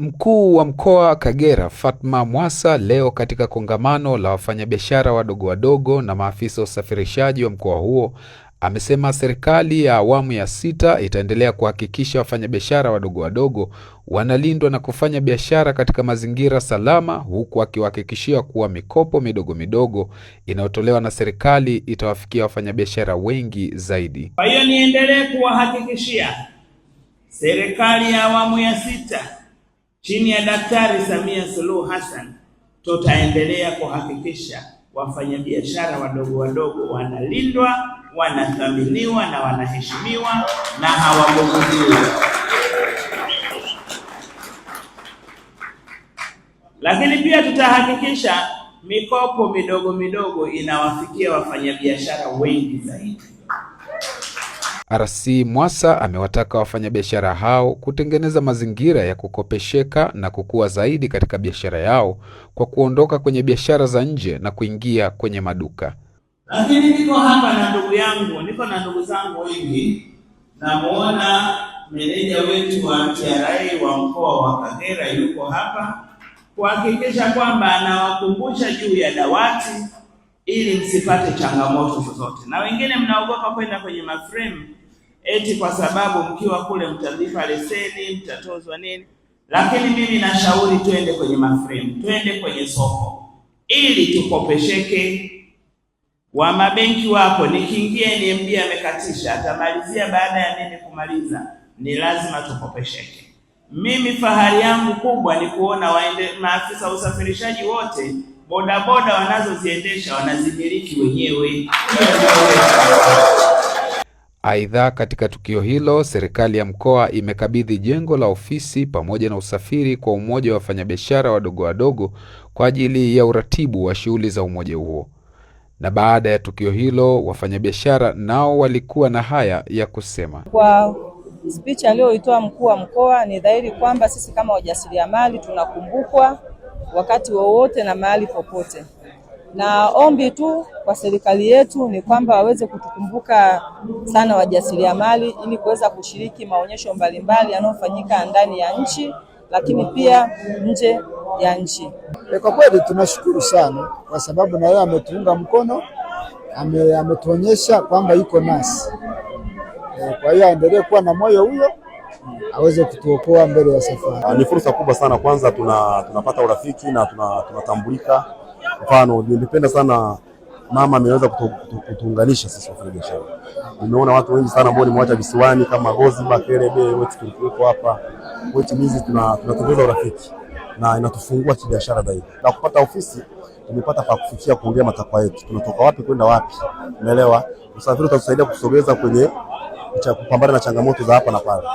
Mkuu wa Mkoa Kagera Fatma mwasa leo katika kongamano la wafanyabiashara wadogo wadogo na maafisa usafirishaji wa mkoa huo amesema serikali ya awamu ya sita itaendelea kuhakikisha wafanyabiashara wadogo wadogo wanalindwa na kufanya biashara katika mazingira salama, huku akiwahakikishia kuwa mikopo midogo midogo inayotolewa na serikali itawafikia wafanyabiashara wengi zaidi. Kwa hiyo niendelee kuwahakikishia serikali ya awamu ya sita Chini ya Daktari Samia Suluhu Hassan tutaendelea kuhakikisha wafanyabiashara wadogo wadogo wanalindwa, wanathaminiwa na wanaheshimiwa na hawabuguziwi. Lakini pia tutahakikisha mikopo midogo midogo inawafikia wafanyabiashara wengi zaidi. RC Mwasa amewataka wafanyabiashara hao kutengeneza mazingira ya kukopesheka na kukua zaidi katika biashara yao kwa kuondoka kwenye biashara za nje na kuingia kwenye maduka. Lakini niko hapa na ndugu yangu, niko na ndugu zangu wengi, namwona meneja wetu wa TRA wa mkoa wa Kagera yuko hapa kuhakikisha kwamba anawakumbusha juu ya dawati ili msipate changamoto zozote. Na wengine mnaogopa kwenda kwenye maframe eti kwa sababu mkiwa kule mtalipa leseni, mtatozwa nini, lakini mimi nashauri twende kwenye maframe, twende kwenye soko ili tukopesheke. Wa mabenki wako, nikiingia NMB amekatisha, atamalizia baada ya mimi kumaliza, ni lazima tukopesheke. Mimi fahari yangu kubwa ni kuona waende maafisa usafirishaji wote bodaboda wanazoziendesha wanazimiliki wenyewe. Aidha, katika tukio hilo serikali ya mkoa imekabidhi jengo la ofisi pamoja na usafiri kwa umoja wa wafanyabiashara wadogo wadogo kwa ajili ya uratibu wa shughuli za umoja huo. Na baada ya tukio hilo wafanyabiashara nao walikuwa na haya ya kusema. Kwa speech aliyoitoa mkuu wa mkoa, ni dhahiri kwamba sisi kama wajasiriamali tunakumbukwa wakati wowote na mahali popote, na ombi tu kwa serikali yetu ni kwamba waweze kutukumbuka sana wajasiriamali, ili kuweza kushiriki maonyesho mbalimbali yanayofanyika ndani ya nchi lakini pia nje ya nchi. E, kwa kweli tunashukuru sana, kwa sababu na yeye ametuunga mkono, ametuonyesha kwamba yuko nasi. E, kwa hiyo aendelee kuwa na moyo huyo aweze kutuokoa mbele ya safari. Ah, ni fursa kubwa sana, kwanza tuna, tunapata urafiki na tunatambulika. Tuna mfano, nilipenda sana mama ameweza kutuunganisha sisi wafanyabiashara. Nimeona watu wengi sana ambao nimewacha visiwani kama Gozi, Makerebe, wote tulikuwa hapa wote, hizi tunatengeneza urafiki na inatufungua kibiashara zaidi. Na kupata ofisi tumepata pa kufikia kuongea matakwa yetu, tunatoka wapi kwenda wapi, umeelewa? Usafiri utatusaidia kusogeza kwenye kupambana na changamoto za hapa na pale.